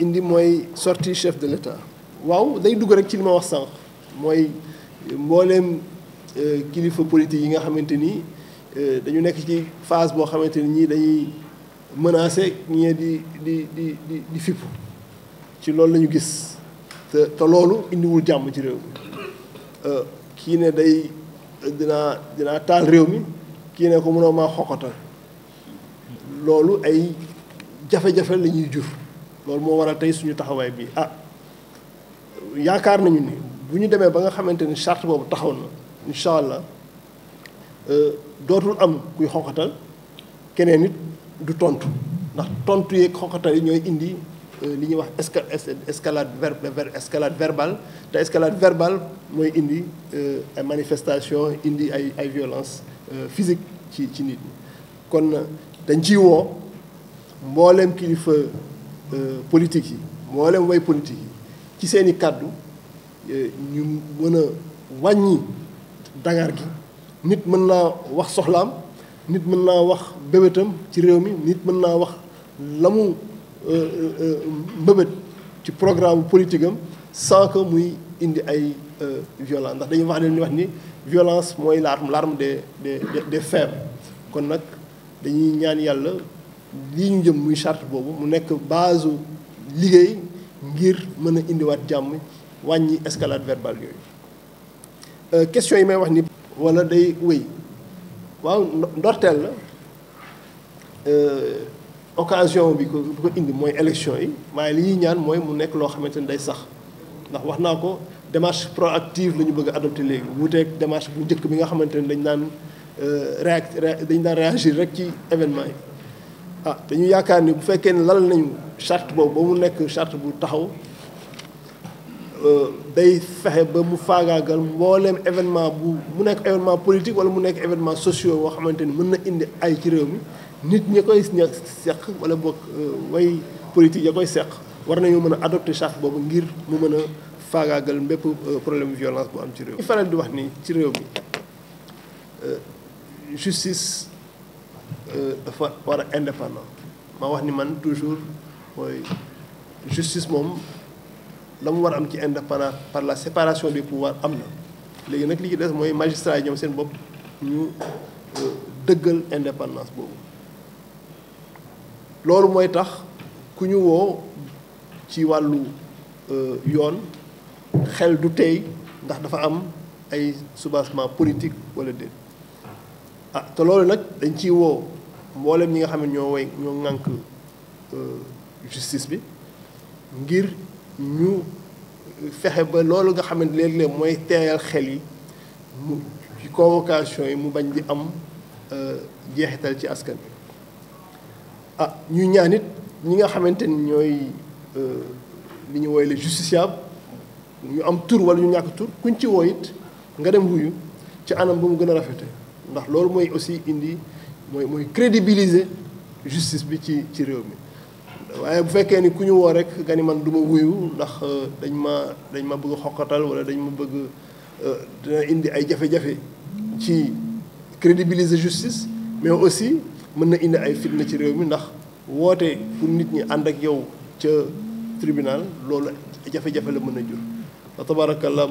indi mooy sorti chef de l'État waaw day dugg rek ci li ma wax sànq mooy mbooleem euh, kilifa politique yi nga xamante ni euh, dañu nekk ci phase boo xamante nii ñii dañuy menacer ñii di di di di di fippu ci loolu lañu gis te te loolu indiwul jàmm ci réew mi euh, kii ne day dinaa dinaa taal réew mi kii ne ko mënoo maa loolu ay jafe-jafe la ñuy jur loolu moo war a tey suñu taxawaay bi ah yaakaar nañu ni bu ñu demee ba nga xamante ni chart boobu taxaw na incha allah euh, dootul am kuy xoqatal keneen it du tontu ndax tontu yeeg xoqatal yi ñooy indi euh, li ñuy wax esca escalade ver escalade verbale te escalade verbale mooy indi euh, ay manifestation indi ay ay violence physique ci ci nit kon dañ ciy woo mbooleem kilifa. Euh, politique yi mboolem way politique yi ci seeni kàddu euh, ñu mën a wàññi dagar gi nit mën naa wax soxlaam nit mën naa wax bébétam ci réew mi nit mën naa wax lamu mu euh, mbébét ci programme politique am sans muy indi ay violence ndax dañuy wax ne ñu wax ni violence mooy l'arme l'arme des des des faibles kon nag dañuy ñaan yàlla lii ñu jëm muy charte boobu mu nekk base liggéey ngir mën a indiwaat jàmm wàññi escalade verbale yooyu euh, question yi may wax ni wala day wéy waaw ndorteel la euh, occasion bi ko indi mooy élection yi waaye li ñuy ñaan mooy mu nekk loo xamante ni day sax ndax wax naa ko démarche proactive la ñu bëgg a adopté léegi wuuteeg démarche bu njëkk bi nga xamante ni dañ daan euh, réact dañ daan réagir rek ci événement yi ah dañu yaakaar ni bu fekkee ne lal nañu chart boobu ba mu nekk charte bu taxaw euh, day fexe ba mu faagaagal mbooleem événement bu mu nekk événement politique wala mu nekk événement sociaux boo xamante ni mën na indi ay ci réew mi nit ñi koy ña seq wala boog euh, way politique ya koy seq war nañoo mën a adopté charte boobu ngir mu mën a faagaagal mbépp euh, problème violence bu am ci réew mi faral di wax ni ci réew mi justice Euh, dafa war a indépendant ma wax ni man toujours mooy justice moom la mu war a am ci indépendant par la séparation des pouvoirs am na léegi nag li ci des mooy magistrat yi seen bopp ñu euh, dëggal indépendance boobu loolu mooy tax ku ñu woo ci wàllu euh, yoon xel du tey ndax dafa am ay soubassement politique wala déet ah te loolu nag dañ ciy woo mbooleem ñi nga xam ne ñoo way ñoo ŋànk euh, justice bi ngir ñu fexe ba loolu nga xamante ne léeg mooy teeyal xel yi mu ci convocation yi mu bañ di am euh, jeexital ci askan bi ah ñu ñaan it ñi nga xamante ni ñooy euh, li ñu woy le justiciable ñu am tur wala ñu ñàkk tur kuñ ci woy it nga dem wuyu ci anam bu mu gën a rafete ndax loolu mooy aussi indi mooy mooy crédibiliser justice bi ci ci réew mi waaye bu fekkee ni ku ñu woo rek nga ni man du ma wuyu ndax euh, dañ ma dañ ma bëgg xoqatal wala dañ ma bëgg euh, dina indi ay jafe-jafe ci crédibiliser justice mais aussi mën na indi ay fitna ci réew mi ndax woote pour nit ñi ànd ak yow ca tribunal loolu jafe-jafe la mën na jur wa tabarakallah